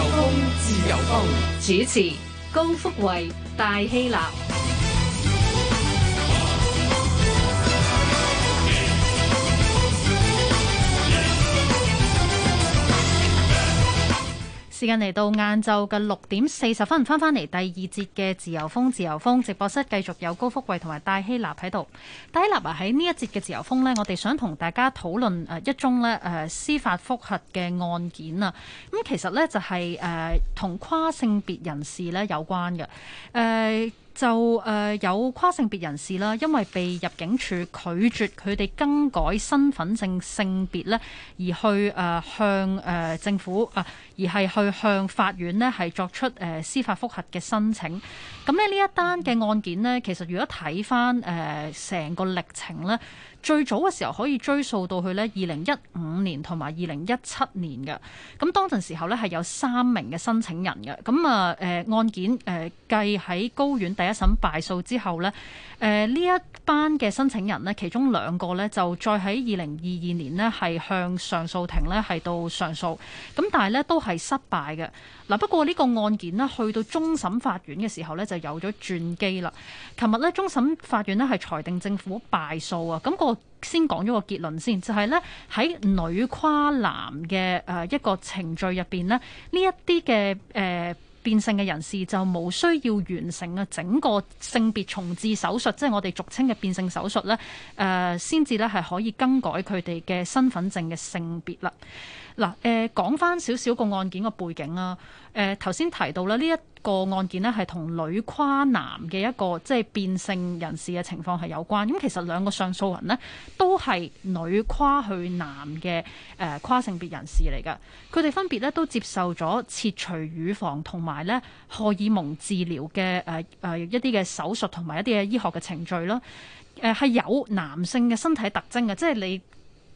自由風，自由風。主持：高福慧、戴希娜。時間嚟到晏晝嘅六點四十分，翻返嚟第二節嘅自由風，自由風直播室繼續有高福貴同埋戴希立喺度。戴希立啊，喺呢一節嘅自由風呢，我哋想同大家討論誒、呃、一宗呢誒、呃、司法覆核嘅案件啊。咁其實呢，就係誒同跨性別人士呢有關嘅誒。呃就誒、呃、有跨性別人士啦，因為被入境處拒絕佢哋更改身份證性別咧，而去誒、呃、向誒、呃、政府啊、呃，而係去向法院呢，係作出誒、呃、司法覆核嘅申請。咁呢，呢一單嘅案件呢，其實如果睇翻誒成個歷程呢。最早嘅時候可以追溯到去咧二零一五年同埋二零一七年嘅，咁當陣時候咧係有三名嘅申請人嘅，咁啊誒案件誒繼喺高院第一審敗訴之後咧，誒、呃、呢一班嘅申請人咧其中兩個咧就再喺二零二二年咧係向上訴庭咧係到上訴，咁但係咧都係失敗嘅。嗱不過呢個案件咧去到終審法院嘅時候咧就有咗轉機啦。琴日咧終審法院咧係裁定政府敗訴啊，咁、個。先講咗個結論先，就係咧喺女跨男嘅誒一個程序入邊咧，呢一啲嘅誒變性嘅人士就冇需要完成啊整個性別重置手術，即係我哋俗稱嘅變性手術咧，誒先至咧係可以更改佢哋嘅身份證嘅性別啦。嗱，誒講翻少少個案件嘅背景啊。誒頭先提到咧，呢一個案件呢，係同女跨男嘅一個即係、就是、變性人士嘅情況係有關。咁其實兩個上訴人呢，都係女跨去男嘅、呃、跨性別人士嚟㗎。佢哋分別咧都接受咗切除乳房同埋咧荷爾蒙治療嘅、呃呃、一啲嘅手術同埋一啲嘅醫學嘅程序咯，係、呃、有男性嘅身體特徵嘅，即係你。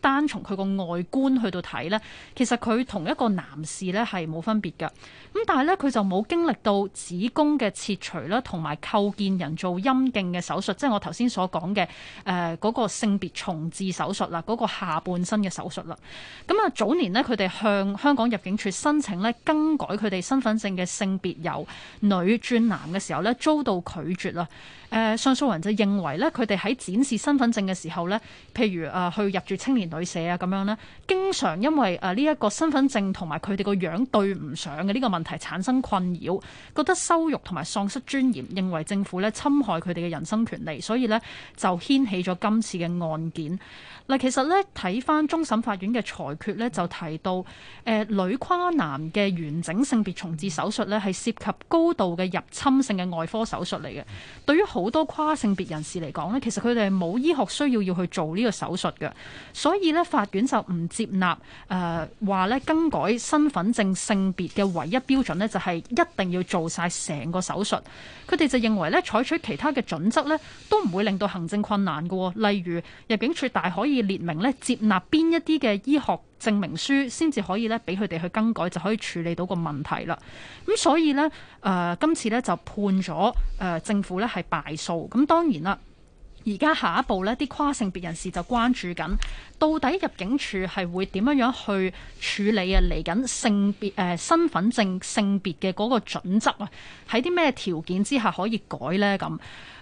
單從佢個外觀去到睇呢，其實佢同一個男士呢，係冇分別嘅。咁但係呢，佢就冇經歷到子宮嘅切除啦，同埋構建人造陰莖嘅手術，即係我頭先所講嘅誒嗰個性別重置手術啦，嗰個下半身嘅手術啦。咁啊，早年呢，佢哋向香港入境處申請呢，更改佢哋身份證嘅性別由女轉男嘅時候呢，遭到拒絕啦。誒、呃、上訴人就認為咧，佢哋喺展示身份證嘅時候呢，譬如誒、呃、去入住青年旅社啊咁樣咧，經常因為誒呢一個身份證同埋佢哋個樣對唔上嘅呢、呢個問題產生困擾，覺得羞辱同埋喪失尊嚴，認為政府呢侵害佢哋嘅人身權利，所以呢就掀起咗今次嘅案件。嗱、呃，其實呢，睇翻終審法院嘅裁決呢，就提到誒、呃、女跨男嘅完整性別重置手術呢，係涉及高度嘅入侵性嘅外科手術嚟嘅，對於好好多跨性別人士嚟講咧，其實佢哋係冇醫學需要要去做呢個手術嘅，所以咧法院就唔接納誒話咧更改身份證性別嘅唯一標準咧，就係一定要做晒成個手術。佢哋就認為咧，採取其他嘅準則咧，都唔會令到行政困難嘅。例如入境處大可以列明咧，接納邊一啲嘅醫學。證明書先至可以咧，俾佢哋去更改，就可以處理到個問題啦。咁所以咧，誒、呃、今次咧就判咗誒、呃、政府咧係敗訴。咁當然啦。而家下一步呢啲跨性別人士就關注緊，到底入境處係會點樣樣去處理啊？嚟緊性別誒身份證性別嘅嗰個準則啊，喺啲咩條件之下可以改呢？咁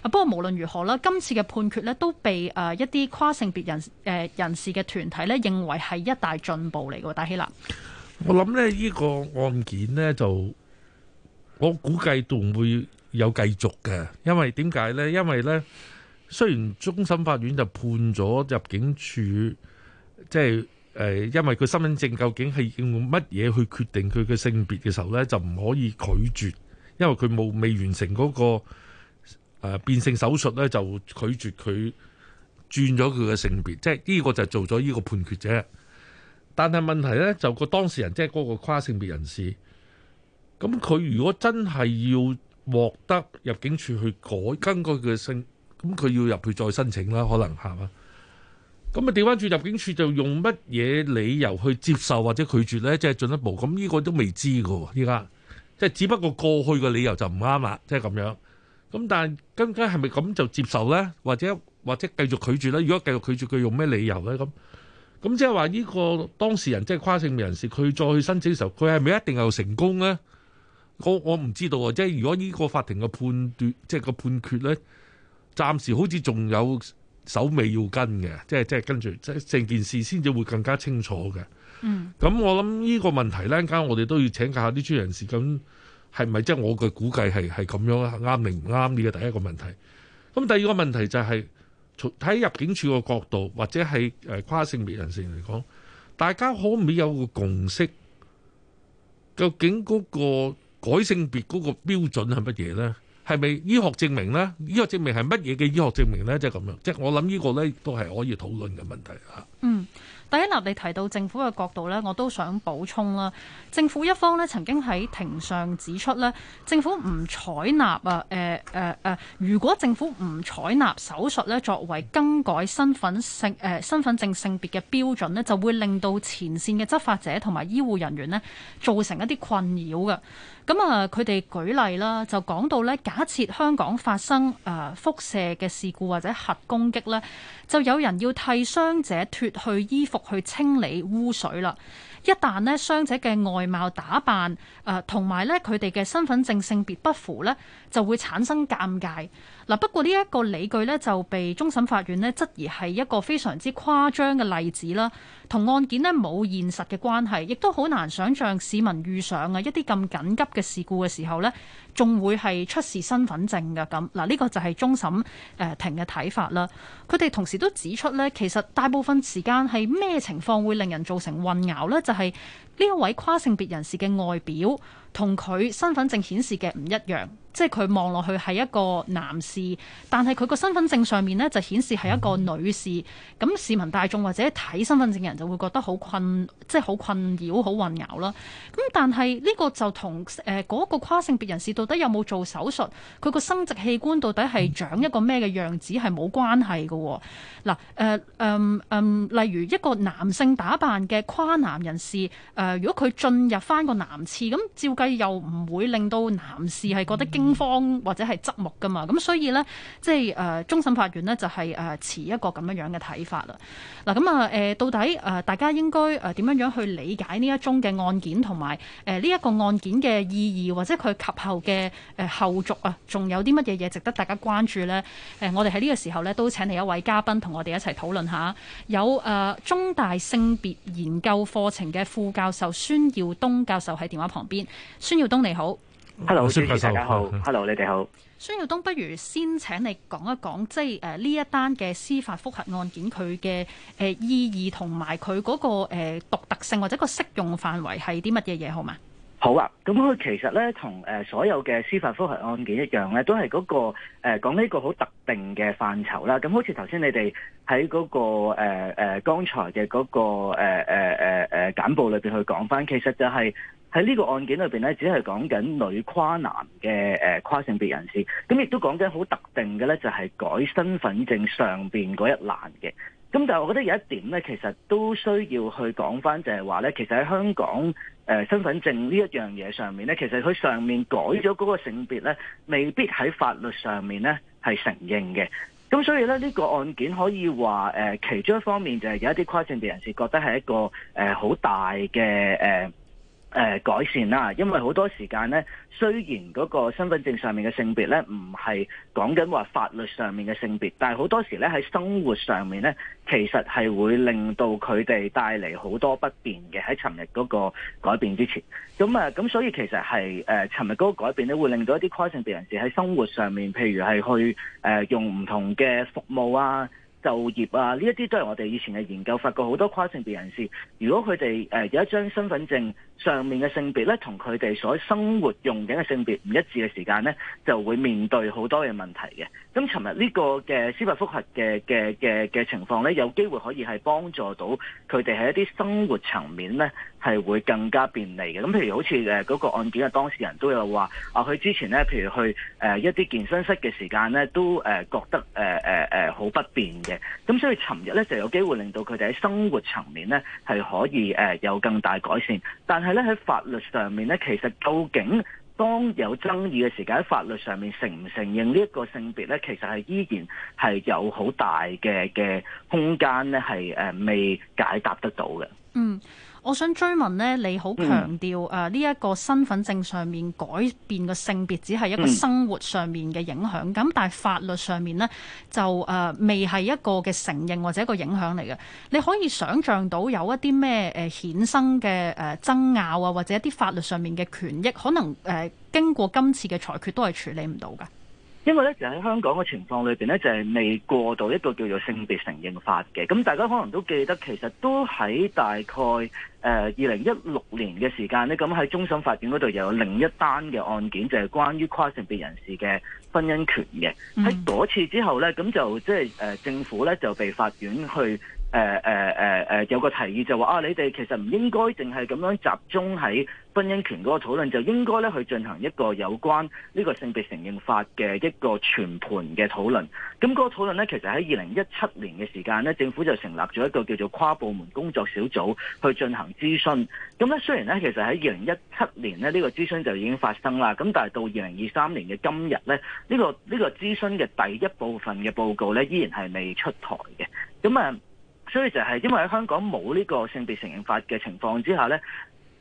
啊，不過無論如何啦，今次嘅判決呢都被誒一啲跨性別人誒人士嘅團體呢認為係一大進步嚟嘅，大希南。我諗呢呢個案件呢，就我估計仲會有繼續嘅，因為點解呢？因為呢。雖然終審法院就判咗入境處，即係誒，因為佢身份證究竟係用乜嘢去決定佢嘅性別嘅時候呢，就唔可以拒絕，因為佢冇未完成嗰、那個誒、呃、變性手術呢就拒絕佢轉咗佢嘅性別，即係呢個就做咗呢個判決啫。但係問題呢，就個當事人即係嗰個跨性別人士，咁佢如果真係要獲得入境處去改更改佢嘅性。咁佢要入去再申請啦，可能係嘛？咁啊，調翻轉入境處就用乜嘢理由去接受或者拒絕呢？即係進一步咁，呢個都未知嘅喎。依家即係只不過過去嘅理由就唔啱啦，即係咁樣。咁但係更加係咪咁就接受呢？或者或者繼續拒絕呢？如果繼續拒絕，佢用咩理由呢？咁咁即係話呢個當事人即係跨性別人士，佢再去申請嘅時候，佢係咪一定又成功呢？我我唔知道啊。即係如果呢個法庭嘅判斷即係個判決呢。暫時好似仲有手尾要跟嘅，即係即係跟住即係成件事先至會更加清楚嘅。嗯，咁我諗呢個問題咧，陣間我哋都要請教下啲專業人士，咁係咪即我嘅估計係係咁樣咧？啱明唔啱呢個第一個問題？咁第二個問題就係、是、從睇入境處個角度，或者係誒跨性別人士嚟講，大家可唔可以有個共識？究竟嗰個改性別嗰個標準係乜嘢咧？係咪醫學證明呢？醫學證明係乜嘢嘅醫學證明呢？即係咁樣，即係我諗呢個呢都係可以討論嘅問題吓，嗯。第一立你提到政府嘅角度咧，我都想補充啦。政府一方咧曾經喺庭上指出咧，政府唔採納啊誒誒誒，如果政府唔採納手術咧作為更改身份性誒、呃、身份證性別嘅標準咧，就會令到前線嘅執法者同埋醫護人員咧造成一啲困擾嘅。咁、呃、啊，佢哋舉例啦，就講到咧，假設香港發生誒輻、呃、射嘅事故或者核攻擊咧，就有人要替傷者脱去衣服。去清理污水啦，一旦呢傷者嘅外貌打扮，誒、呃，同埋呢佢哋嘅身份證性別不符呢，就會產生尷尬。嗱，不過呢一個理據咧，就被終審法院咧質疑係一個非常之誇張嘅例子啦，同案件咧冇現實嘅關係，亦都好難想像市民遇上啊一啲咁緊急嘅事故嘅時候咧，仲會係出示身份證㗎咁。嗱，呢、這個就係終審誒庭嘅睇法啦。佢哋同時都指出咧，其實大部分時間係咩情況會令人造成混淆咧？就係呢一位跨性別人士嘅外表同佢身份證顯示嘅唔一樣。即係佢望落去係一個男士，但係佢個身份證上面咧就顯示係一個女士。咁市民大眾或者睇身份證嘅人就會覺得好困，即係好困擾、好混淆啦。咁但係呢個就同誒嗰個跨性別人士到底有冇做手術，佢個生殖器官到底係長一個咩嘅樣子係冇、嗯、關係嘅、哦。嗱誒誒誒例如一個男性打扮嘅跨男人士，誒、呃、如果佢進入翻個男廁，咁照計又唔會令到男士係覺得驚、嗯。方或者係側目噶嘛，咁所以呢，即係誒，終、呃、審法院呢，就係、是、誒、呃，持一個咁樣樣嘅睇法啦。嗱，咁啊，誒、呃，到底誒、呃，大家應該誒，點樣樣去理解呢一宗嘅案件，同埋誒呢一個案件嘅意義，或者佢及後嘅誒、呃、後續啊，仲、呃、有啲乜嘢嘢值得大家關注呢？誒、呃，我哋喺呢個時候呢，都請嚟一位嘉賓同我哋一齊討論下。有誒、呃，中大性別研究課程嘅副教授孫耀東教授喺電話旁邊。孫耀東，你好。hello，孫教授，大家好，hello，你哋好。孫耀東，不如先請你講一講，即係誒呢一單嘅司法覆核案件佢嘅誒意義同埋佢嗰個誒獨特性或者個適用範圍係啲乜嘢嘢好嘛？好啊，咁、嗯、佢其實咧，同誒、呃、所有嘅司法覆核案件一樣咧，都係嗰、那個誒、呃、講呢個好特定嘅範疇啦。咁、嗯、好似頭先你哋喺嗰個誒誒剛才嘅嗰、那個誒誒誒誒簡報裏邊去講翻，其實就係喺呢個案件裏面，咧，只係講緊女跨男嘅誒、呃、跨性別人士，咁、嗯、亦都講緊好特定嘅咧，就係、是、改身份證上面嗰一欄嘅。咁但係我覺得有一點咧，其實都需要去講翻，就係話咧，其實喺香港誒身份證呢一樣嘢上面咧，其實佢上面改咗嗰個性別咧，未必喺法律上面咧係承認嘅。咁所以咧，呢個案件可以話誒其中一方面就係有一啲跨性別人士覺得係一個誒好大嘅誒。誒、呃、改善啦，因為好多時間咧，雖然嗰個身份證上面嘅性別咧，唔係講緊話法律上面嘅性別，但係好多時咧喺生活上面咧，其實，係會令到佢哋帶嚟好多不便嘅。喺尋日嗰個改變之前，咁、嗯、啊，咁所以其實，係誒尋日嗰個改變咧，會令到一啲跨性別人士喺生活上面，譬如係去誒、呃、用唔同嘅服務啊。就業啊，呢一啲都係我哋以前嘅研究發覺，好多跨性別人士，如果佢哋誒有一張身份證上面嘅性別咧，同佢哋所生活用緊嘅性別唔一致嘅時間咧，就會面對好多嘅問題嘅。咁尋日呢個嘅司法覆核嘅嘅嘅嘅情況咧，有機會可以係幫助到佢哋喺一啲生活層面咧。係會更加便利嘅，咁譬如好似誒嗰個案件嘅當事人都有話，啊佢之前咧，譬如去誒、呃、一啲健身室嘅時間咧，都誒覺得誒誒好不便嘅。咁所以尋日咧就有機會令到佢哋喺生活層面咧係可以誒、呃、有更大改善，但係咧喺法律上面咧，其實究竟當有爭議嘅時間喺法律上面承唔承認呢一個性別咧，其實係依然係有好大嘅嘅空間咧，係、呃、未解答得到嘅。嗯。我想追問咧，你好強調誒呢一個身份證上面改變個性別，只係一個生活上面嘅影響。咁、嗯、但係法律上面呢，就誒、呃、未係一個嘅承認或者一個影響嚟嘅。你可以想像到有一啲咩誒衍生嘅誒爭拗啊，或者一啲法律上面嘅權益，可能誒、呃、經過今次嘅裁決都係處理唔到㗎。因為咧就喺、是、香港嘅情況裏邊咧就係、是、未過到一個叫做性別承認法嘅。咁大家可能都記得其實都喺大概誒二零一六年嘅時間咧，咁喺終審法院嗰度又有另一單嘅案件就係、是、關於跨性別人士嘅婚姻權嘅。喺嗰次之後咧，咁就即係誒政府咧就被法院去。誒誒誒誒有個提議就話啊，你哋其實唔應該淨係咁樣集中喺婚姻權嗰個討論，就應該咧去進行一個有關呢個性別承認法嘅一個全盤嘅討論。咁、那、嗰個討論咧，其實喺二零一七年嘅時間咧，政府就成立咗一個叫做跨部門工作小組去進行諮詢。咁咧雖然咧，其實喺二零一七年咧，呢、這個諮詢就已經發生啦。咁但係到二零二三年嘅今日咧，呢、這個呢、這個諮詢嘅第一部分嘅報告咧，依然係未出台嘅。咁啊～、呃所以就係因為喺香港冇呢個性別承認法嘅情況之下呢，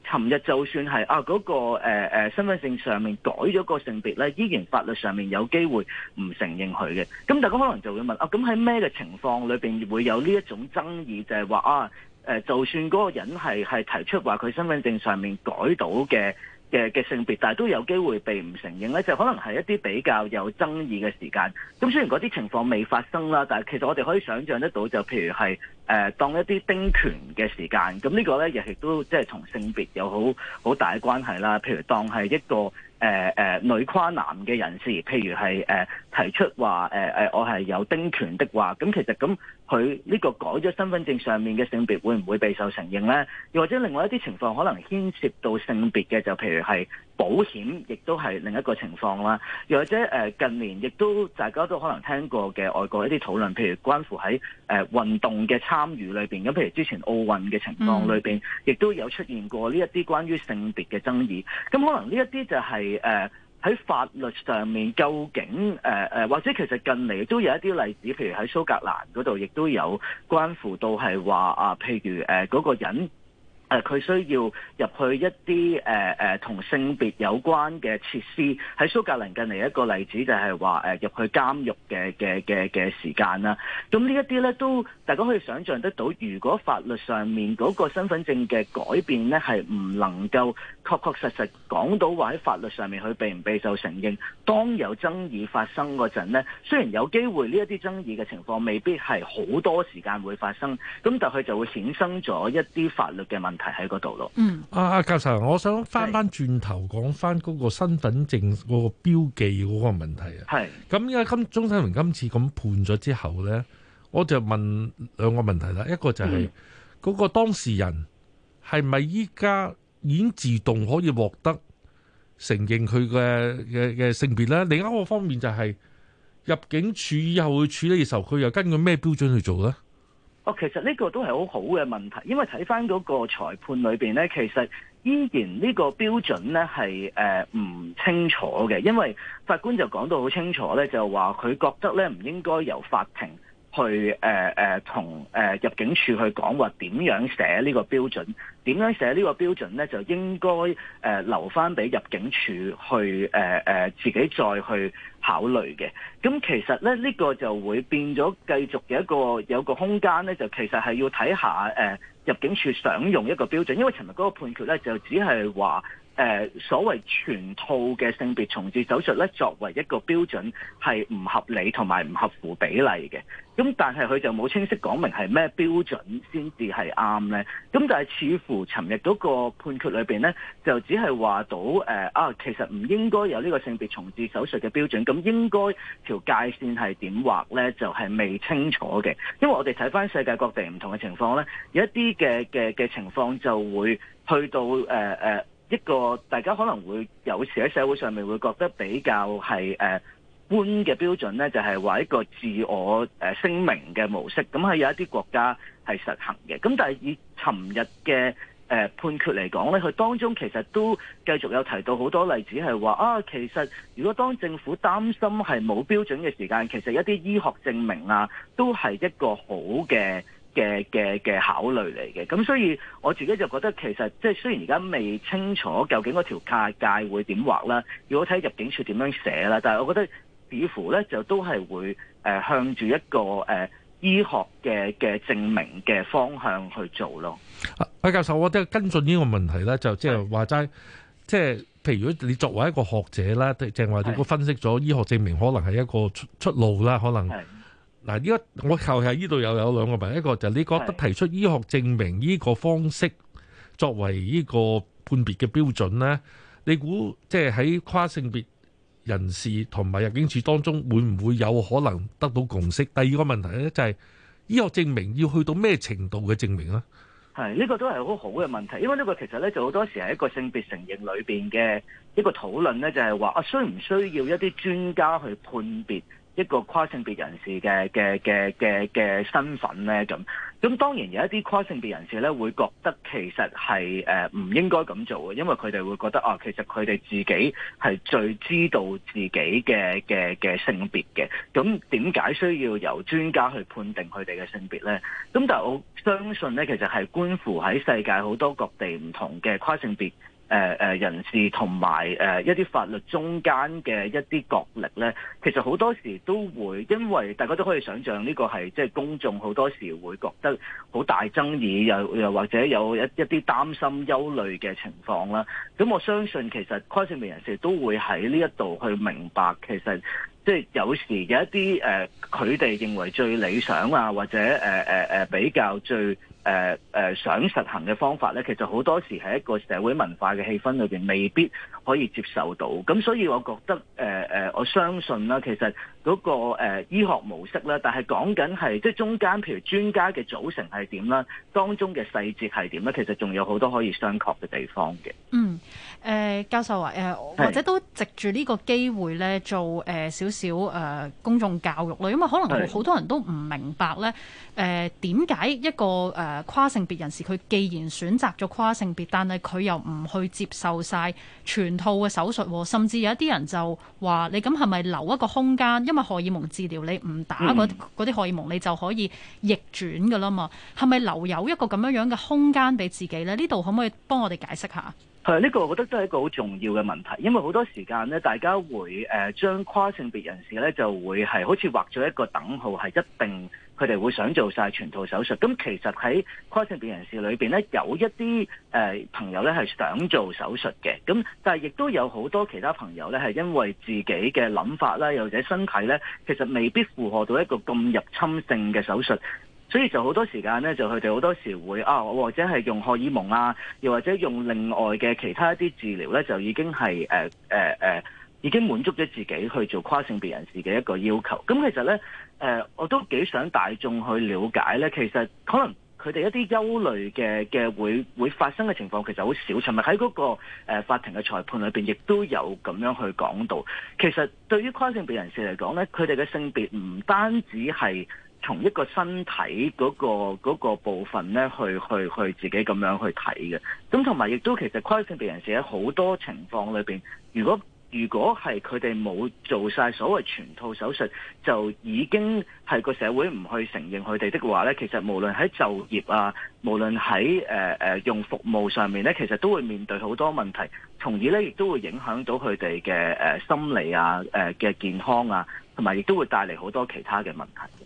尋日就算係啊嗰、嗰個誒、呃、身份證上面改咗個性別呢，依然法律上面有機會唔承認佢嘅。咁大家可能就會問啊，咁喺咩嘅情況裏邊會有呢一種爭議？就係、係、話啊誒、呃，就算嗰個人係係提出話佢身份證上面改到嘅。嘅嘅性別，但係都有機會被唔承認咧，就可能係一啲比較有爭議嘅時間。咁雖然嗰啲情況未發生啦，但係其實我哋可以想像得到，就譬如係誒、呃、當一啲丁權嘅時間，咁呢個咧亦都即係同性別有好好大嘅關係啦。譬如當係一個。誒誒、呃呃、女跨男嘅人士，譬如係誒、呃、提出話誒、呃呃、我係有丁權的話，咁其實咁佢呢個改咗身份證上面嘅性別會唔會備受承認咧？又或者另外一啲情況可能牽涉到性別嘅，就譬如係。保險亦都係另一個情況啦，又或者誒近年亦都大家都可能聽過嘅外國一啲討論，譬如關乎喺誒運動嘅參與裏邊，咁譬如之前奧運嘅情況裏邊，亦都有出現過呢一啲關於性別嘅爭議。咁可能呢一啲就係誒喺法律上面究竟誒誒或者其實近嚟都有一啲例子，譬如喺蘇格蘭嗰度，亦都有關乎到係話啊，譬如誒嗰個人。誒佢、啊、需要入去一啲誒誒同性別有關嘅設施，喺蘇格蘭近嚟一個例子就係話誒入去監獄嘅嘅嘅嘅時間啦。咁呢一啲咧都大家可以想象得到，如果法律上面嗰個身份證嘅改變咧係唔能夠確確實實講到話喺法律上面佢被唔被受承認，當有爭議發生嗰陣咧，雖然有機會呢一啲爭議嘅情況未必係好多時間會發生，咁但佢就會衍生咗一啲法律嘅問題。係喺嗰度咯。嗯，阿阿、啊、教授，我想翻翻轉頭講翻嗰個身份證嗰是個、那個標記嗰個問題啊。係是。咁因為終審法院今次咁判咗之後咧，我就問兩個問題啦。一個就係、是、嗰、嗯、個當事人係咪依家已經自動可以獲得承認佢嘅嘅嘅性別咧？另一個方面就係入境處以後處理嘅時候，佢又根據咩標準去做咧？哦，其實呢個都係好好嘅問題，因為睇翻嗰個裁判裏邊咧，其實依然呢個標準咧係誒唔清楚嘅，因為法官就講到好清楚咧，就話佢覺得咧唔應該由法庭。去誒誒、呃呃、同誒、呃、入境處去講話點樣寫呢個標準？點樣寫呢個標準咧？就應該誒、呃、留翻俾入境處去誒誒、呃、自己再去考慮嘅。咁其實咧，呢、呢個就會變咗繼續有一個有一個空間咧，就其實係要睇下誒、呃、入境處想用一個標準，因為尋日嗰個判決咧就只係話。誒、呃、所謂全套嘅性別重置手術咧，作為一個標準係唔合理同埋唔合乎比例嘅。咁、嗯、但係佢就冇清晰講明係咩標準先至係啱咧。咁、嗯、但係似乎尋日嗰個判決裏邊咧，就只係話到誒、呃、啊，其實唔應該有呢個性別重置手術嘅標準。咁應該條界線係點畫咧，就係、是、未清楚嘅。因為我哋睇翻世界各地唔同嘅情況咧，有一啲嘅嘅嘅情況就會去到誒、呃呃一個大家可能會有時喺社會上面會覺得比較係誒寬嘅標準咧，就係話一個自我誒聲、呃、明嘅模式，咁係有一啲國家係實行嘅。咁但係以尋日嘅誒判決嚟講咧，佢當中其實都繼續有提到好多例子係話啊，其實如果當政府擔心係冇標準嘅時間，其實一啲醫學證明啊，都係一個好嘅嘅嘅嘅考慮嚟嘅，咁所以我自己就覺得其實即係雖然而家未清楚究竟嗰條界界會點畫啦，如果睇入境處點樣寫啦，但係我覺得似乎咧就都係會誒向住一個誒醫學嘅嘅證明嘅方向去做咯。阿、啊、教授，我覺得跟進呢個問題咧，就即係話齋，即係是譬如果你作為一個學者啦，正話你分析咗醫學證明可能係一個出，是出路啦，可能。嗱，呢個我後期呢度又有兩個問題，一個就係你覺得提出醫學證明呢個方式作為呢個判別嘅標準呢？你估即係喺跨性別人士同埋入境處當中會唔會有可能得到共識？第二個問題呢，就係醫學證明要去到咩程度嘅證明呢？係，呢個都係好好嘅問題，因為呢個其實呢，就好多時係一個性別承認裏邊嘅一個討論呢，就係話啊，需唔需要一啲專家去判別？一個跨性別人士嘅嘅嘅嘅嘅身份咧咁，咁當然有一啲跨性別人士咧會覺得其實係誒唔應該咁做嘅，因為佢哋會覺得啊、哦，其實佢哋自己係最知道自己嘅嘅嘅性別嘅。咁點解需要由專家去判定佢哋嘅性別咧？咁但係我相信咧，其實係觀乎喺世界好多各地唔同嘅跨性別。誒、呃、人士同埋誒一啲法律中間嘅一啲角力咧，其實好多時都會因為大家都可以想像呢個係即係公眾好多時會覺得好大爭議，又又或者有一一啲擔心憂慮嘅情況啦。咁我相信其實跨性別人士都會喺呢一度去明白，其實即係有時嘅一啲誒，佢、呃、哋認為最理想啊，或者誒、呃呃、比較最。誒誒，想實行嘅方法咧，其實好多時係一個社會文化嘅氣氛裏邊，未必可以接受到。咁所以我覺得誒誒，我相信啦，其實嗰個誒醫學模式咧，但係講緊係即係中間，譬如專家嘅組成係點啦，當中嘅細節係點咧，其實仲有好多可以商榷嘅地方嘅。嗯，誒教授話誒，或者都藉住呢個機會咧，做誒少少誒公眾教育咯，因為可能好多人都唔明白咧，誒點解一個誒？誒跨性別人士，佢既然選擇咗跨性別，但係佢又唔去接受晒全套嘅手術，甚至有一啲人就話：你咁係咪留一個空間？因為荷爾蒙治療，你唔打嗰啲荷爾蒙，你就可以逆轉噶啦嘛？係咪、嗯、留有一個咁樣樣嘅空間俾自己咧？呢度可唔可以幫我哋解釋下？係，呢個我覺得都係一個好重要嘅問題，因為好多時間咧，大家會誒將跨性別人士咧就會係好似畫咗一個等號，係一定佢哋會想做晒全套手術。咁其實喺跨性別人士裏面咧，有一啲誒朋友咧係想做手術嘅，咁但係亦都有好多其他朋友咧係因為自己嘅諗法啦，又或者身體咧，其實未必符合到一個咁入侵性嘅手術。所以就好多時間咧，就佢哋好多時會啊，或者係用荷爾蒙啊，又或者用另外嘅其他一啲治療咧，就已經係誒誒已經滿足咗自己去做跨性別人士嘅一個要求。咁其實咧，誒、呃、我都幾想大眾去了解咧，其實可能佢哋一啲憂慮嘅嘅會會發生嘅情況，其實好少。尋日喺嗰個、呃、法庭嘅裁判裏面，亦都有咁樣去講到。其實對於跨性別人士嚟講咧，佢哋嘅性別唔單止係，同一個身體嗰、嗰個嗰、嗰個、部分咧，去去去自己咁樣去睇嘅。咁同埋亦都其實跨性別人士喺好多情況裏面，如果如果係佢哋冇做晒所謂全套手術，就已經係個社會唔去承認佢哋的話咧，其實無論喺就業啊，無論喺誒、呃呃、用服務上面咧，其實都會面對好多問題，從而咧亦都會影響到佢哋嘅誒心理啊、誒、呃、嘅健康啊，同埋亦都會帶嚟好多其他嘅問題。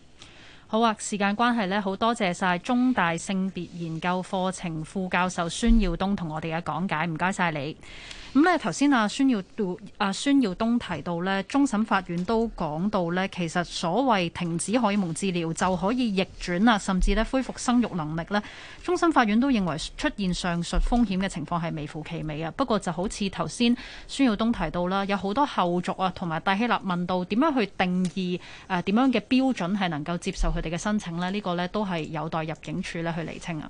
好啊，時間關係呢，好多謝晒中大性別研究課程副教授孫耀東同我哋嘅講解，唔該晒你。咁咧，頭先阿孫耀東阿孫耀東提到呢，終審法院都講到呢，其實所謂停止荷爾蒙治療就可以逆轉啊，甚至咧恢復生育能力呢，終審法院都認為出現上述風險嘅情況係微乎其微啊。不過就好似頭先孫耀東提到啦，有好多後續啊，同埋戴希立問到點樣去定義誒、啊、點樣嘅標準係能夠接受佢哋嘅申請呢。呢、呢個呢都係有待入境處呢去釐清啊。